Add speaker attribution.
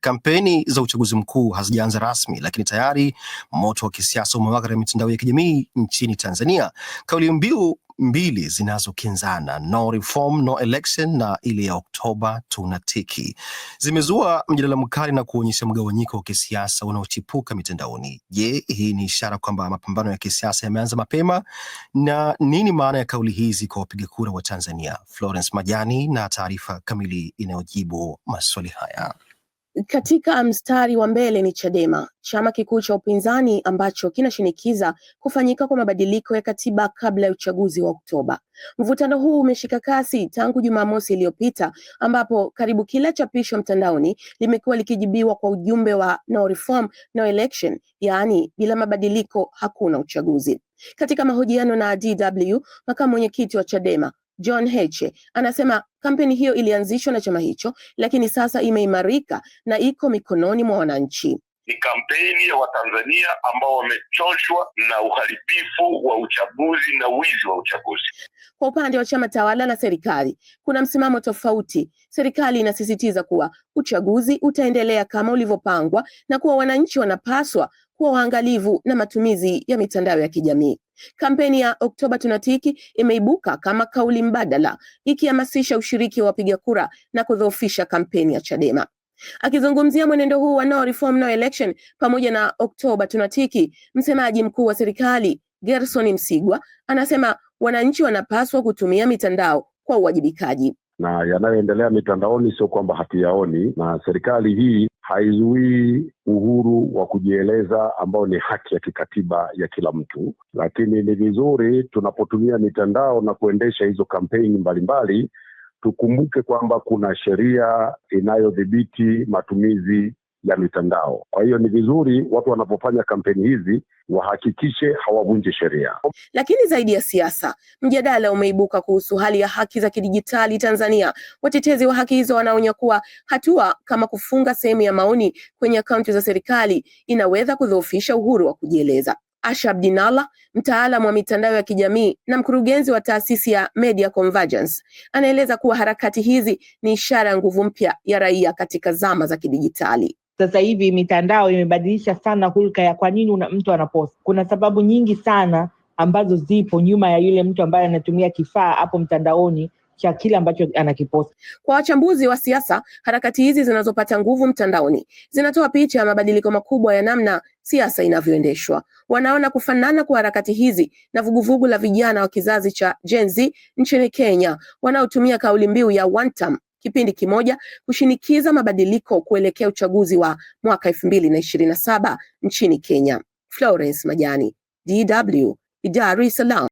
Speaker 1: Kampeni za uchaguzi mkuu hazijaanza rasmi, lakini tayari moto wa kisiasa umewaka katika mitandao ya kijamii nchini Tanzania. Kauli mbiu mbili zinazokinzana, no reform, no election na ile ya Oktoba tunatiki, zimezua mjadala mkali na kuonyesha mgawanyiko wa kisiasa unaochipuka mitandaoni. Je, hii ni ishara kwamba mapambano ya kisiasa yameanza mapema? Na nini maana ya kauli hizi kwa wapiga kura wa Tanzania? Florence Majani na taarifa kamili inayojibu maswali haya.
Speaker 2: Katika mstari wa mbele ni Chadema, chama kikuu cha upinzani ambacho kinashinikiza kufanyika kwa mabadiliko ya katiba kabla ya uchaguzi wa Oktoba. Mvutano huu umeshika kasi tangu Jumamosi iliyopita ambapo karibu kila chapisho mtandaoni limekuwa likijibiwa kwa ujumbe wa no reform no election, yaani bila mabadiliko hakuna uchaguzi. Katika mahojiano na DW, makamu mwenyekiti wa Chadema John Heche anasema kampeni hiyo ilianzishwa na chama hicho, lakini sasa imeimarika na iko mikononi mwa wananchi.
Speaker 3: Ni kampeni ya Watanzania ambao wamechoshwa na uharibifu wa uchaguzi na wizi wa uchaguzi.
Speaker 2: Kwa upande wa chama tawala na serikali kuna msimamo tofauti. Serikali inasisitiza kuwa uchaguzi utaendelea kama ulivyopangwa na kuwa wananchi wanapaswa kuwa waangalivu na matumizi ya mitandao ya kijamii. Kampeni ya Oktoba tunatiki imeibuka kama kauli mbadala, ikihamasisha ushiriki wa wapiga kura na kudhoofisha kampeni ya Chadema. Akizungumzia mwenendo huu wa no reform no election pamoja na Oktoba tunatiki, msemaji mkuu wa serikali Gerson Msigwa anasema wananchi wanapaswa kutumia mitandao kwa uwajibikaji
Speaker 4: na yanayoendelea mitandaoni sio kwamba hatuyaoni, na serikali hii haizuii uhuru wa kujieleza ambao ni haki ya kikatiba ya kila mtu, lakini ni vizuri tunapotumia mitandao na kuendesha hizo kampeni mbalimbali tukumbuke kwamba kuna sheria inayodhibiti matumizi ya mitandao. Kwa hiyo ni vizuri watu wanapofanya kampeni hizi wahakikishe hawavunji sheria.
Speaker 2: Lakini zaidi ya siasa, mjadala umeibuka kuhusu hali ya haki za kidijitali Tanzania. Watetezi wa haki hizo wanaonya kuwa hatua kama kufunga sehemu ya maoni kwenye akaunti za serikali inaweza kudhoofisha uhuru wa kujieleza. Asha Abdinalla, mtaalamu wa mitandao ya kijamii na mkurugenzi wa taasisi ya Media Convergence, anaeleza kuwa harakati hizi ni ishara ya nguvu mpya ya raia katika zama za kidijitali.
Speaker 5: Sasa hivi mitandao imebadilisha sana hulka ya kwa nini mtu anaposa Kuna sababu nyingi sana ambazo zipo nyuma ya yule mtu ambaye anatumia kifaa hapo mtandaoni cha kile ambacho anakiposa
Speaker 2: Kwa wachambuzi wa siasa, harakati hizi zinazopata nguvu mtandaoni zinatoa picha ya mabadiliko makubwa ya namna siasa inavyoendeshwa. Wanaona kufanana kwa harakati hizi na vuguvugu la vijana wa kizazi cha Gen Z nchini Kenya wanaotumia kauli mbiu ya one term kipindi kimoja kushinikiza mabadiliko kuelekea uchaguzi wa mwaka elfu mbili na ishirini na saba nchini Kenya. Florence Majani, DW, Dar es Salaam.